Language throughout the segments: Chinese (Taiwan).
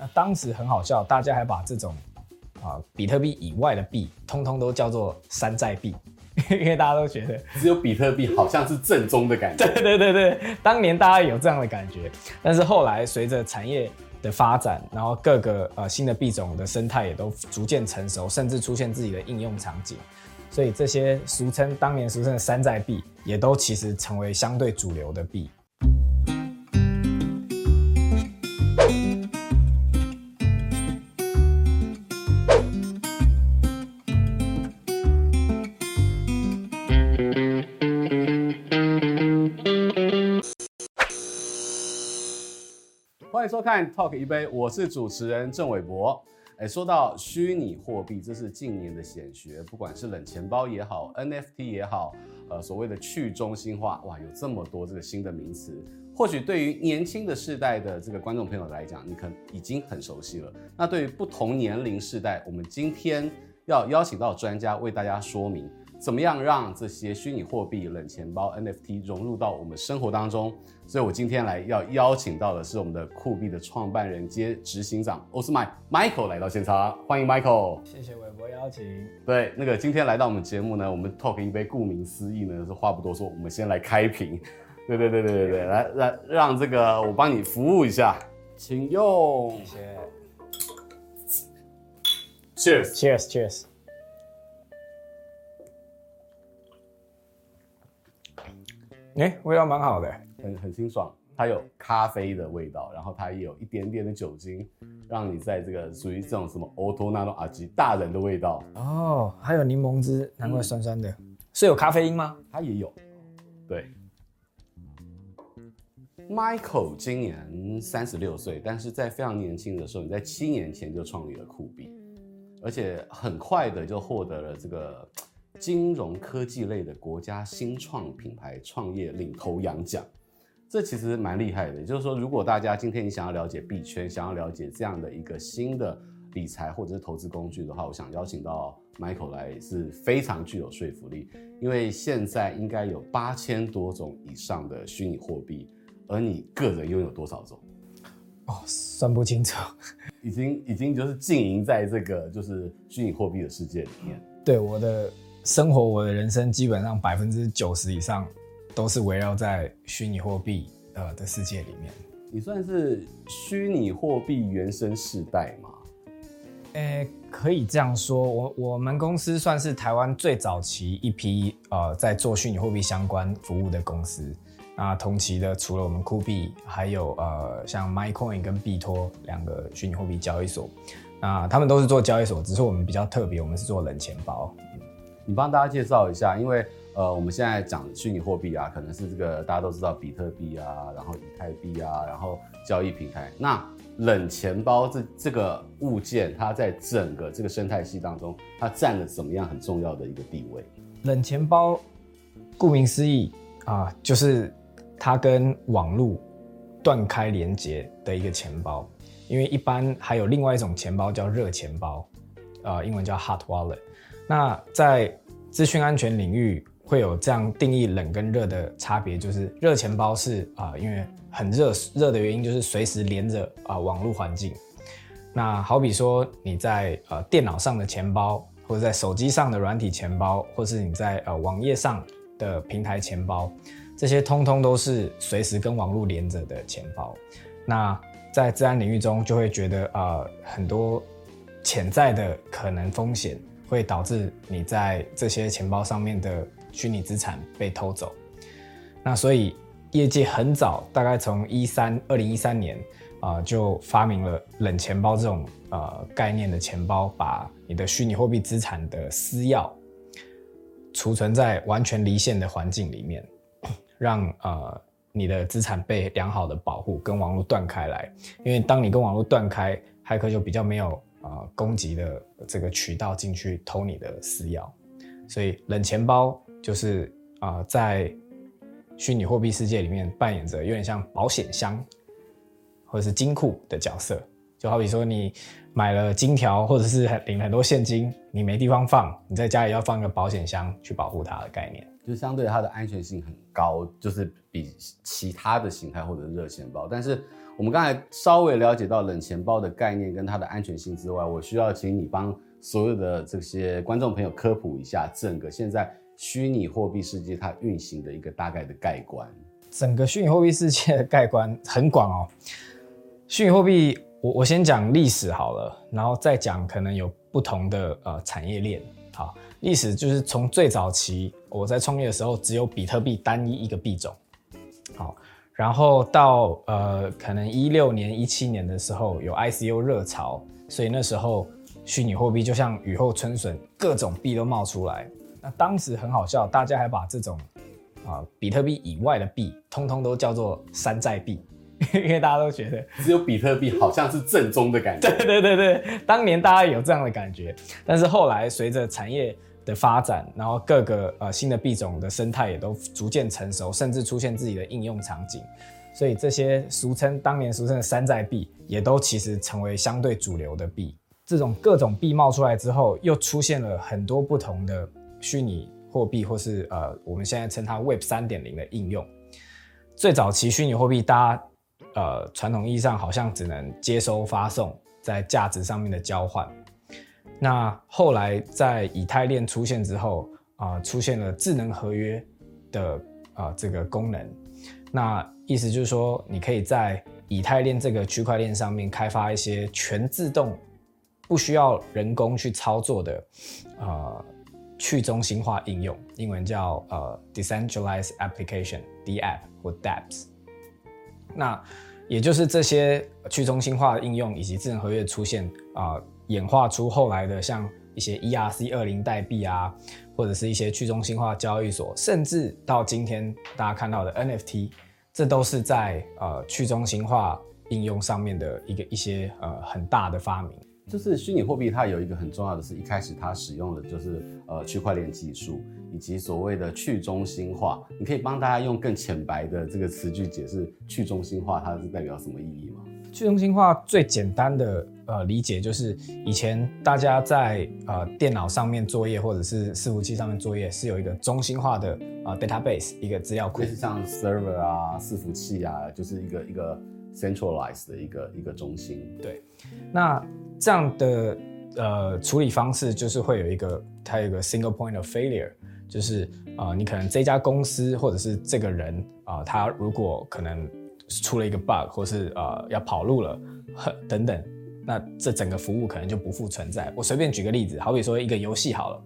那當時很好笑，大家還把這種啊比特幣以外的幣，通通都叫做山寨幣，因為大家都覺得只有比特幣好像是正宗的感覺。對對對對，當年大家有這樣的感覺，但是後來隨着產業的發展，然後各個呃新的幣種的生態也都逐漸成熟，甚至出現自己的應用場景，所以這些俗稱當年俗稱的山寨幣，也都其實成為相對主流的幣。歡迎收看 Talk 一杯，我是主持人鄭偉柏。哎，說到虛擬貨幣，這是近年的顯學，不管是冷錢包也好，NFT 也好，呃，所謂的去中心化，哇，有這麼多這個新的名詞。或許對於年輕的世代的這個觀眾朋友來講，你可能已經很熟悉了。那對於不同年齡世代，我們今天要邀請到專家為大家說明。怎麼樣讓這些虛擬貨幣、冷錢包、NFT 融入到我們生活當中？所以我今天來要邀請到的是我們的庫幣的創辦人兼執行長歐仕邁 Michael 來到現場，歡迎 Michael，謝謝偉柏邀請。對，那個今天來到我們節目呢，我們 talk 一杯，顧名思義呢是話不多說，我們先來開瓶。對 對對對對對，來讓讓這個我幫你服務一下，請用，謝謝。Cheers，Cheers，Cheers。Cheers Cheers, Cheers. 哎、欸，味道蠻好的、欸，很很清爽。它有咖啡的味道，然後它也有一點點的酒精，讓你在這個屬於這種什麼歐托納諾爾基大人的味道。哦，還有檸檬汁，難怪酸酸的。為是有咖啡因嗎？它也有。對，Michael 今年三十六歲，但是在非常年輕的時候，你在七年前就創立了庫幣，而且很快的就獲得了這個，金融科技類的國家新創品牌創業領頭羊獎，這其實蠻厲害的。也就是說，如果大家今天你想要了解幣圈，想要了解這樣的一個新的理財或者是投資工具的話，我想邀請到 Michael 來是非常具有說服力。因為現在應該有八千多種以上的虛擬貨幣，而你個人擁有多少種？哦，算不清楚，已經已經就是浸淫在這個就是虛擬貨幣的世界裡面。對，我的。生活，我的人生基本上百分之九十以上都是圍繞在虛擬貨幣呃的世界裡面。你算是虛擬貨幣原生世代嗎？欸，可以這樣說，我我們公司算是台灣最早期一批呃在做虛擬貨幣相關服務的公司。那同期的除了我們庫幣，還有呃像 MyCoin 跟幣托兩個虛擬貨幣交易所。那他們都是做交易所，只是我們比較特別，我們是做冷錢包。你幫大家介紹一下，因為呃，我們現在講虛擬貨幣啊，可能是這個大家都知道比特幣啊，然後以太幣啊，然後交易平台。那冷錢包這這個物件，它在整個這個生態系當中，它占了怎麼樣很重要的一個地位？冷錢包，顧名思義啊，呃，就是它跟網絡斷開連接的一個錢包。因為一般還有另外一種錢包叫熱錢包，呃，英文叫 hot wallet。那在資訊安全領域會有這樣定義冷跟熱的差別，就是熱錢包是啊、呃，因為很熱熱的原因就是隨時連着啊、呃、網絡環境。那好比說你在呃電腦上的錢包，或者在手機上的軟體錢包，或是你在呃網頁上的平台錢包，這些通通都是隨時跟網絡連着的錢包。那在自然領域中就會覺得啊、呃、很多潛在的可能風險。會導致你在這些錢包上面的虛擬資產被偷走。那所以業界很早，大概從13、2013年啊、呃，就發明了冷錢包這種呃概念的錢包，把你的虛擬貨幣資產的私鑰儲存在完全離線的環境裡面，讓呃你的資產被良好的保護，跟網絡斷開來。因為當你跟網絡斷開，駭客就比較沒有。啊，攻擊的這個渠道進去偷你的私鑰，所以冷錢包就是啊，在虛擬貨幣世界裡面扮演着有點像保險箱或者是金庫的角色，就好比說你買了金條或者是領很多現金，你沒地方放，你在家裡要放一個保險箱去保護它的概念。就相對它的安全性很高，就是比其他的形態或者熱錢包。但是我們剛才稍微了解到冷錢包的概念跟它的安全性之外，我需要請你幫所有的這些觀眾朋友科普一下整個現在虛擬貨幣世界它運行的一個大概的概觀。整個虛擬貨幣世界的概觀很廣哦、喔。虛擬貨幣，我我先講歷史好了，然後再講可能有不同的呃產業鏈啊。好歷史就是從最早期，我在創業的時候，只有比特幣單一一個幣種，好，然後到呃，可能一六年、一七年的時候有 ICO 熱潮，所以那時候虛擬貨幣就像雨後春筍，各種幣都冒出來。那當時很好笑，大家還把這種啊比特幣以外的幣通通都叫做山寨幣，因為大家都覺得只有比特幣好像是正宗的感覺。對對對對，當年大家有這樣的感覺，但是後來隨着產業的發展，然後各個呃新的幣種的生態也都逐漸成熟，甚至出現自己的應用場景。所以這些俗稱當年俗稱的山寨幣，也都其實成為相對主流的幣。這種各種幣冒出來之後，又出現了很多不同的虛擬貨幣，或是呃我們現在稱它 Web 三點零的應用。最早期虛擬貨幣，大家呃傳統意義上好像只能接收、發送，在價值上面的交換。那後來在以太鏈出現之後啊、呃，出現了智能合約的啊、呃、這個功能。那意思就是說，你可以在以太鏈這個區塊鏈上面開發一些全自動、不需要人工去操作的啊、呃、去中心化應用，英文叫呃 Decentralized Application，DApp 或 DApps。那也就是這些去中心化的應用以及智能合約出現啊。呃演化出後來的像一些 ERC20 代幣啊，或者是一些去中心化交易所，甚至到今天大家看到的 NFT，這都是在呃去中心化應用上面的一個一些呃很大的發明。就是虛擬貨幣它有一個很重要的是，是一開始它使用的就是呃區塊鏈技術，以及所謂的去中心化。你可以幫大家用更淺白的這個詞句解釋去中心化它是代表什麼意義嗎？去中心化最簡單的。呃，理解就是以前大家在呃電腦上面作業，或者是伺服器上面作業，是有一個中心化的啊、呃、database 一個資料庫，就是像 server 啊、伺服器啊，就是一個一個 centralized 的一個一個中心。對，那這樣的呃處理方式就是會有一個它有一個 single point of failure，就是啊、呃、你可能這家公司或者是這個人啊、呃，他如果可能出了一個 bug，或是啊、呃、要跑路了，呵等等，那這整個服務可能就不復存在。我隨便舉個例子，好比說一個遊戲好了，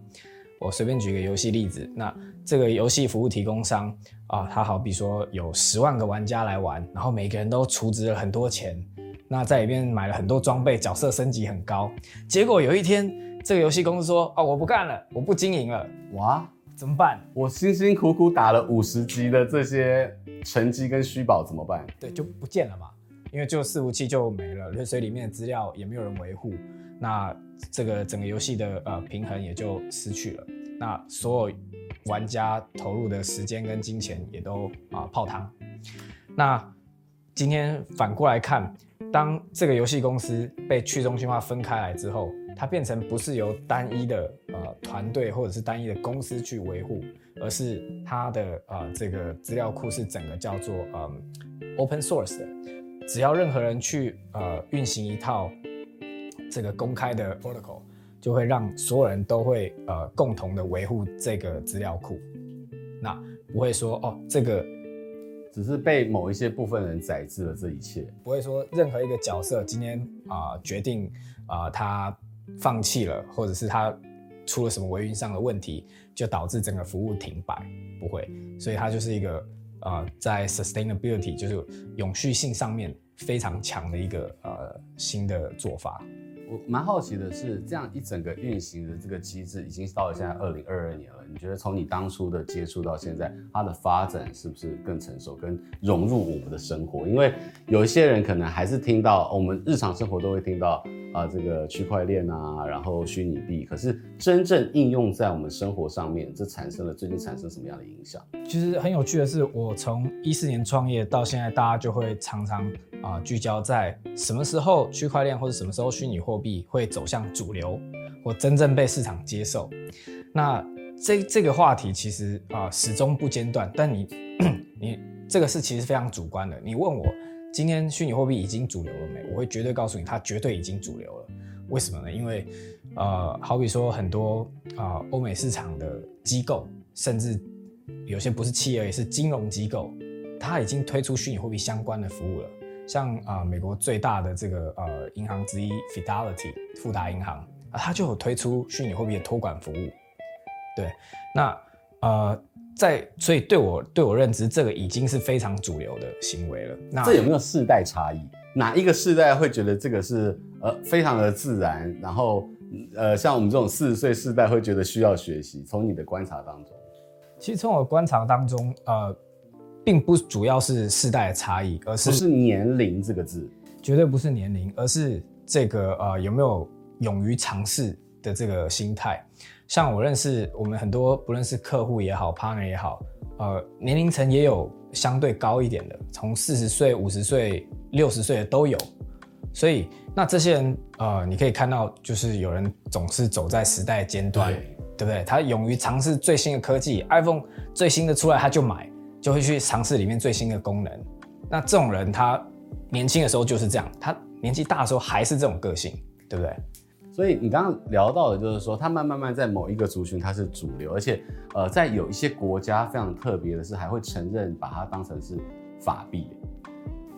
我隨便舉個遊戲例子。那這個遊戲服務提供商啊，他好比說有十萬個玩家來玩，然後每個人都儲值了很多錢，那在裡面買了很多裝備，角色升級很高。結果有一天，這個遊戲公司說，啊，我不幹了，我不經營了。哇，怎麼辦？我辛辛苦苦打了五十級的這些成績跟虛寶，怎麼辦？對，就不見了嘛。因為就伺服器，就沒了，所以裡面的資料也沒有人維護，那這個整個遊戲的呃平衡，也就失去了，那所有玩家投入的時間跟金錢也都啊、呃、泡湯。那今天反過來看，當這個遊戲公司被去中心化分開來之後，它變成不是由單一的呃團隊或者是單一的公司去維護，而是它的呃這個資料庫是整個叫做呃 open source 的。只要任何人去呃運行一套這個公開的 protocol，就會讓所有人都會呃共同的維護這個資料庫，那不會說哦這個只是被某一些部分人宰制了這一切，不會說任何一個角色今天啊、呃、決定啊、呃、他放棄了，或者是他出了什麼維運上的問題，就導致整個服務停擺，不會，所以它就是一個。啊、呃，在 sustainability，就是永續性上面非常強的一個呃新的做法。我蠻好奇的是，這樣一整個運行的這個機制，已經到了現在二零二二年了。你覺得從你當初的接觸到現在，它的發展是不是更成熟，跟融入我們的生活？因為有一些人可能還是聽到，我們日常生活都會聽到啊、呃，這個區塊鏈啊，然後虛擬幣。可是真正應用在我們生活上面，這產生了最近產生什麼樣的影響？其實很有趣的是，我從一四年創業到現在，大家就會常常。啊、呃，聚焦在什麼時候區塊鏈或者什麼時候虛擬貨幣會走向主流，或真正被市場接受。那這這個話題其實啊、呃、始終不間斷。但你你這個是其實非常主觀的。你問我今天虛擬貨幣已經主流了沒？我會絕對告訴你，它絕對已經主流了。為什麼呢？因為呃，好比說很多啊呃、歐美市場的機構，甚至有些不是企業而是金融機構，它已經推出虛擬貨幣相關的服務了。像啊、呃，美國最大的這個呃銀行之一 Fidelity 富達銀行啊，它就有推出虛擬貨幣的托管服務。對，那呃，在所以對我對我認知，這個已經是非常主流的行為了。那這有沒有世代差異？哪一個世代會覺得這個是呃非常的自然？然後呃，像我們這種四十歲世代會覺得需要學習？從你的觀察當中，其實從我的觀察當中，呃。並不主要是世代的差異，而是不是年齡這個字，絕對不是年齡，而是這個呃有沒有勇於嘗試的這個心態。像我認識我們很多不論是客戶也好，partner 也好，呃年齡層也有相對高一點的，從四十歲、五十歲、六十歲的都有。所以那這些人呃，你可以看到就是有人總是走在時代尖端，對，對不對？他勇於嘗試最新的科技，iPhone 最新的出來他就買。就會去嘗試裡面最新的功能。那這種人，他年輕的時候就是這樣，他年紀大的時候還是這種個性，對不對？所以你剛剛聊到的，就是說他慢慢慢在某一個族群他是主流，而且呃，在有一些國家非常特別的是，還會承認把它當成是法幣。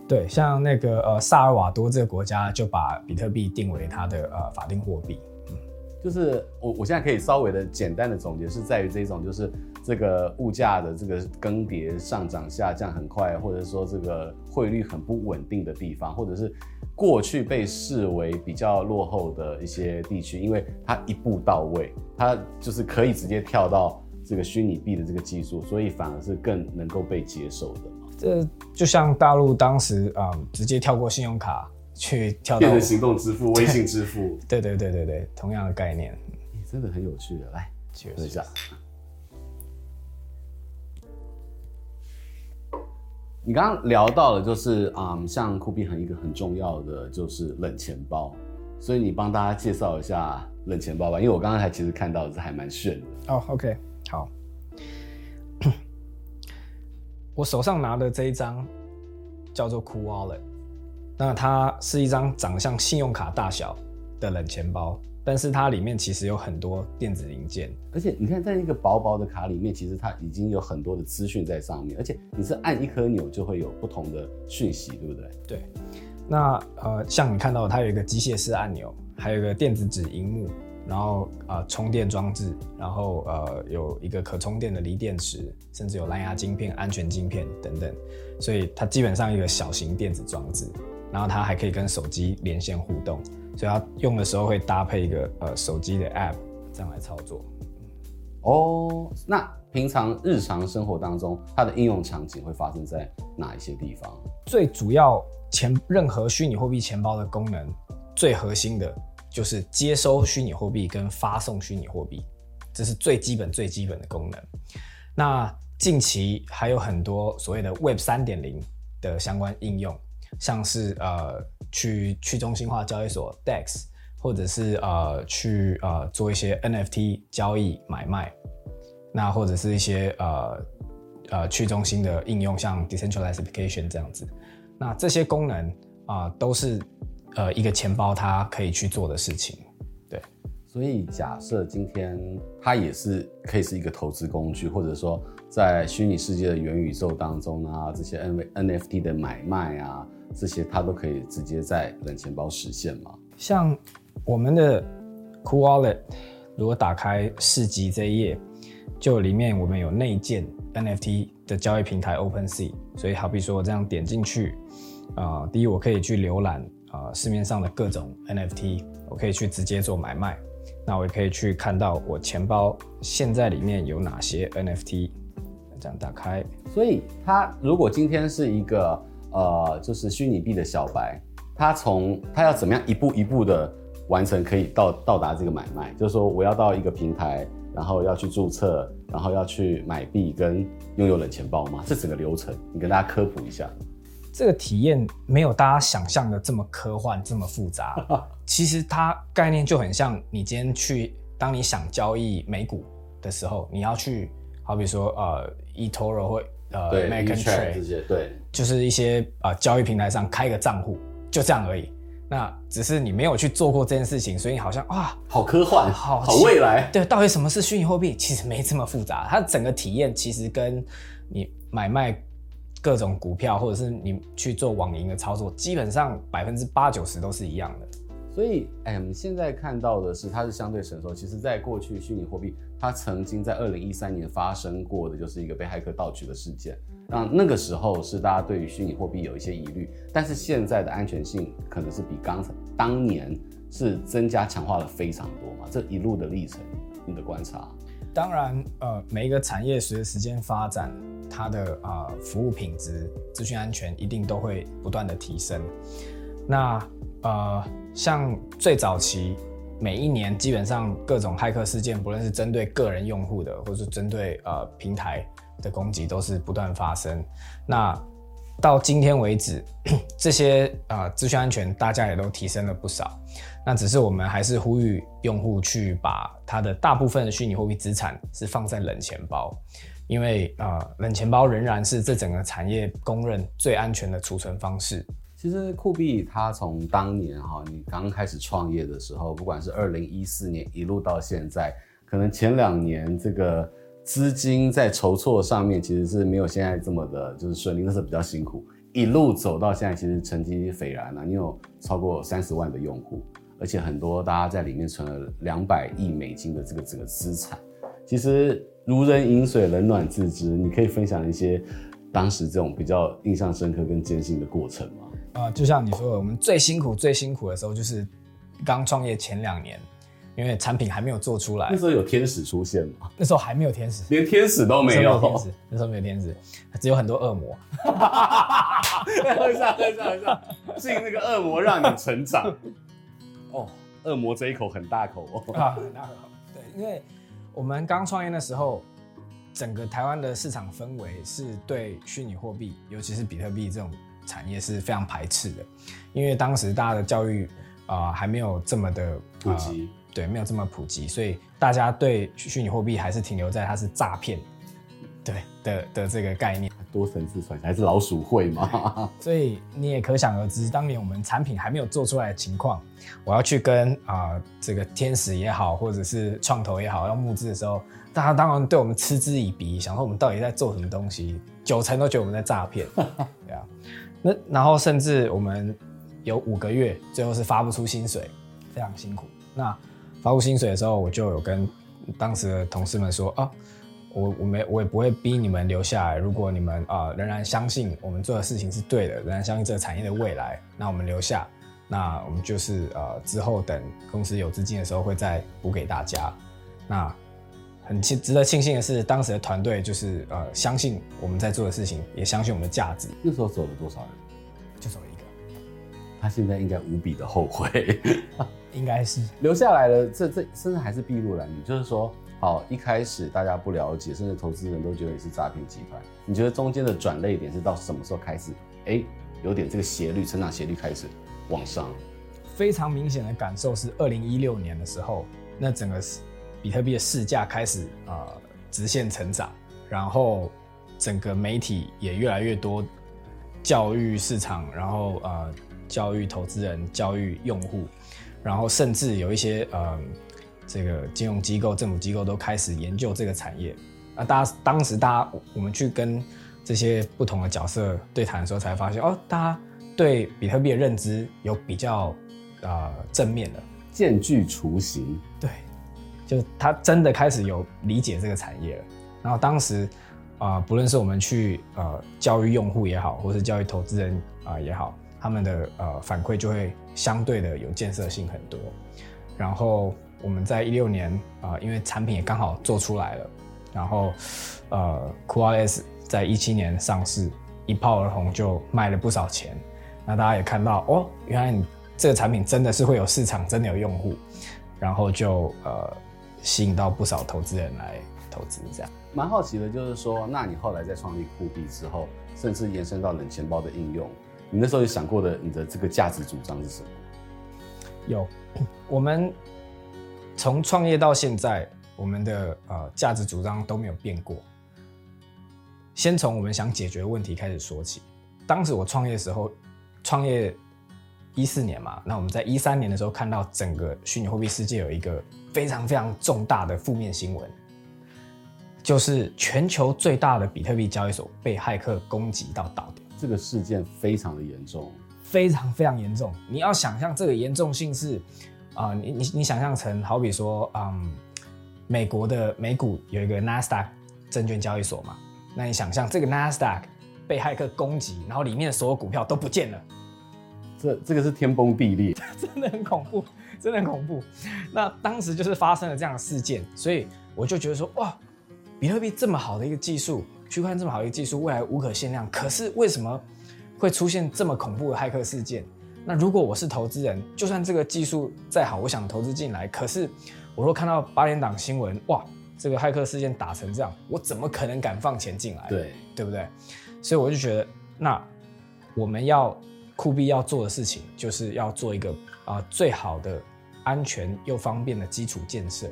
對，像那個呃薩爾瓦多這個國家就把比特幣定為它的呃法定貨幣。嗯，就是我我現在可以稍微的簡單的總結，是在於這種就是。這個物價的這個更迭上漲下降很快，或者說這個匯率很不穩定的地方，或者是過去被視為比較落後的一些地區，因為它一步到位，它就是可以直接跳到這個虛擬幣的這個技術，所以反而是更能夠被接受的。這就像大陸當時啊，嗯，直接跳過信用卡去跳到行動支付、微信支付，對，對對對對對，同樣的概念，真的很有趣的。來解釋確實一下。你剛剛聊到了，就是啊、嗯，像庫幣很一個很重要的就是冷錢包，所以你幫大家介紹一下冷錢包吧，因為我剛剛才其實看到的是還蠻炫的。哦、oh，OK，好 ，我手上拿的這一張叫做 Cool Wallet，那它是一張長相信用卡大小的冷錢包。但是它裡面其實有很多電子零件，而且你看，在一個薄薄的卡裡面，其實它已經有很多的資訊在上面，而且你是按一顆鈕就會有不同的訊息，對不對？對。那呃，像你看到它有一個機械式按鈕，還有一個電子紙屏幕，然後啊、呃、充電裝置，然後呃有一個可充電的鋰電池，甚至有藍牙晶片、安全晶片等等，所以它基本上一個小型電子裝置，然後它還可以跟手機連線互動。所以它用的時候會搭配一個呃手機的 App 這樣來操作。哦、嗯，oh, 那平常日常生活當中，它的應用場景會發生在哪一些地方？最主要錢，任何虛擬貨幣錢包的功能最核心的就是接收虛擬貨幣跟發送虛擬貨幣，這是最基本最基本的功能。那近期還有很多所謂的 Web 三點零的相關應用。像是呃去、去中心化交易所 DEX，或者是呃去呃做一些 NFT 交易買賣，那或者是一些呃呃去中心的應用，像 Decentralization 這樣子，那這些功能啊，呃，都是呃一個錢包它可以去做的事情。對，所以假設今天它也是可以是一個投資工具，或者說在虛擬世界的元宇宙當中啊，這些 N NFT 的買賣啊。這些它都可以直接在冷錢包實現嗎？像我們的 Cool Wallet，如果打開市集這一頁，就裡面我們有內建 NFT 的交易平台 OpenSea，所以好比說我這樣點進去，啊、呃，第一我可以去瀏覽啊市面上的各種 NFT，我可以去直接做買賣，那我也可以去看到我錢包現在裡面有哪些 NFT，這樣打開。所以它如果今天是一個。呃，就是虛擬幣的小白，他從他要怎麼樣一步一步的完成，可以到到達這個買賣，就是說我要到一個平台，然後要去註冊，然後要去買幣跟擁有冷錢包嗎？這整個流程，你跟大家科普一下。這個體驗沒有大家想象的這麼科幻，這麼複雜。其實它概念就很像你今天去，當你想交易美股的時候，你要去，好比說呃，eToro 或呃，買跟 trade，對，就是一些啊、呃、交易平台上開個賬戶，就這樣而已。那只是你沒有去做過這件事情，所以你好像啊，哇好科幻，好，好，好未來。對，到底什麼是虛擬貨幣？其實沒這麼複雜，它整個體驗其實跟你買賣各種股票，或者是你去做網銀的操作，基本上百分之八九十都是一樣的。所以，哎，我們現在看到的是它是相對成熟。其實，在過去虛擬貨幣。它曾經在二零一三年發生過的，就是一個被駭客盜取的事件。那那個時候是大家對於虛擬貨幣有一些疑慮，但是現在的安全性可能是比剛才當年是增加強化了非常多嘛。這一路的歷程，你的觀察？當然，呃，每一個產業隨着時間發展，它的啊、呃、服務品質、資訊安全一定都會不斷的提升。那呃，像最早期。每一年基本上各種駭客事件，不論是針對個人用戶的，或是針對呃平台的攻擊，都是不斷發生。那到今天為止，這些啊資訊安全大家也都提升了不少。那只是我們還是呼籲用戶去把它的大部分虛擬貨幣資產是放在冷錢包，因為啊，呃，冷錢包仍然是這整個產業公認最安全的儲存方式。其實庫幣它從當年哈你剛開始創業的時候，不管是二零一四年一路到現在，可能前兩年這個資金在籌措上面其實是沒有現在這麼的，就是順利，那時候比較辛苦。一路走到現在，其實成績斐然了，你有超過三十萬的用戶，而且很多大家在裡面存了兩百億美金的這個這個資產。其實如人飲水，冷暖自知，你可以分享一些當時這種比較印象深刻跟艱辛的過程嗎？啊、呃，就像你說的，我們最辛苦，最辛苦的時候就是剛創業前兩年，因為產品還沒有做出來。那時候有天使出現嗎？那時候還沒有天使，連天使都沒有。沒有天使？那時候沒有天使，只有很多惡魔。哈哈哈！喝上喝上喝上，是那個惡魔讓你成長。哦 惡魔這一口很大口哦。啊， 很大口。對，因為對我們剛創業的時候，整個台灣的市場氛圍是對虛擬貨幣，尤其是比特幣這種。產業是非常排斥的，因為當時大家的教育啊、呃、還沒有這麼的普及，對，沒有這麼普及，所以大家對虛擬貨幣還是停留在它是詐騙，對的的這個概念。多層次傳銷還是老鼠會嘛？所以你也可想而知，當年我們產品還沒有做出來的情況，我要去跟啊、呃、這個天使也好，或者是創投也好要募資的時候，大家當然對我們嗤之以鼻，想說我們到底在做什麼東西？九成都覺得我們在詐騙，對啊。那然後甚至我們有五個月最後是發不出薪水，非常辛苦。那發不出薪水的時候，我就有跟當時的同事們說，啊，我我沒我也不會逼你們留下來。如果你們啊、呃，仍然相信我們做的事情是對的，仍然相信這個產業的未來，那我們留下。那我們就是呃之後等公司有資金的時候會再補給大家。那。很值值得慶幸的是，當時的團隊就是呃相信我們在做的事情，也相信我們的價值。那時候走了多少人？就走了一個，他現在應該無比的後悔。 應該是留下來的這這甚至還是篳路藍縷。你就是說，好一開始大家不了解，甚至投資人都覺得你是詐騙集團。你覺得中間的轉捩點是到什麼時候開始？哎、欸，有點這個斜率，成長斜率開始往上。非常明顯的感受是，二零一六年的時候，那整個是。比特幣的市價開始啊、呃、直線成長，然後整個媒體也越來越多，教育市場，然後啊、呃、教育投資人、教育用戶，然後甚至有一些呃這個金融機構、政府機構都開始研究這個產業。那、啊、大家當時大家我們去跟這些不同的角色對談的時候，才發現哦，大家對比特幣的認知有比較啊、呃、正面的漸具雛形。對。就他真的開始有理解這個產業了，然後當時，啊、呃，不論是我們去呃教育用戶也好，或是教育投資人啊、呃、也好，他們的呃反饋就會相對的有建設性很多。然後我們在一六年啊、呃，因為產品也剛好做出來了，然後呃，CoolWallet S 在一七年上市，一炮而紅，就賣了不少錢。那大家也看到哦，原來你這個產品真的是會有市場，真的有用戶，然後就呃。吸引到不少投資人來投資，這樣蠻好奇的。就是說，那你後來在創立庫幣之後，甚至延伸到冷錢包的應用，你那時候有想過的你的這個價值主張是什麼？有，我們從創業到現在，我們的呃價值主張都沒有變過。先從我們想解決的問題開始說起。當時我創業的時候，創業。一四年嘛，那我們在一三年的時候看到整個虛擬貨幣世界有一個非常非常重大的負面新聞，就是全球最大的比特幣交易所被駭客攻擊到倒掉，這個事件非常的嚴重，非常非常嚴重。你要想象這個嚴重性是啊、呃，你你你想象成好比說，嗯，美國的美股有一個 NASDAQ 證券交易所嘛，那你想象這個 NASDAQ 被駭客攻擊，然後裡面所有股票都不見了。這這個是天崩地裂，真的很恐怖，真的很恐怖。那當時就是發生了這樣的事件，所以我就覺得說，哇，比特幣這麼好的一個技術，區塊這麼好的一個技術，未來無可限量。可是為什麼會出現這麼恐怖的駭客事件？那如果我是投資人，就算這個技術再好，我想投資進來，可是我若看到八點檔新聞，哇，這個駭客事件打成這樣，我怎麼可能敢放錢進來？對，對不對？所以我就覺得，那我們要。庫幣要做的事情，就是要做一個啊、呃、最好的安全又方便的基礎建設，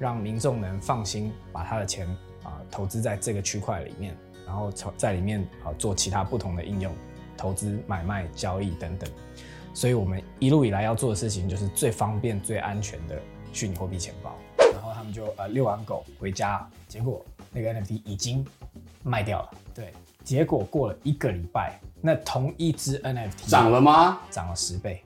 讓民眾能放心把他的錢啊、呃、投資在這個區塊裡面，然後從在裡面啊、呃、做其他不同的應用，投資、買賣、交易等等。所以我們一路以來要做的事情，就是最方便、最安全的虛擬貨幣錢包。然後他們就呃遛完狗回家，結果那個 NFT 已經賣掉了。對。結果過了一個禮拜，那同一支 NFT 漲了嗎？漲了十倍。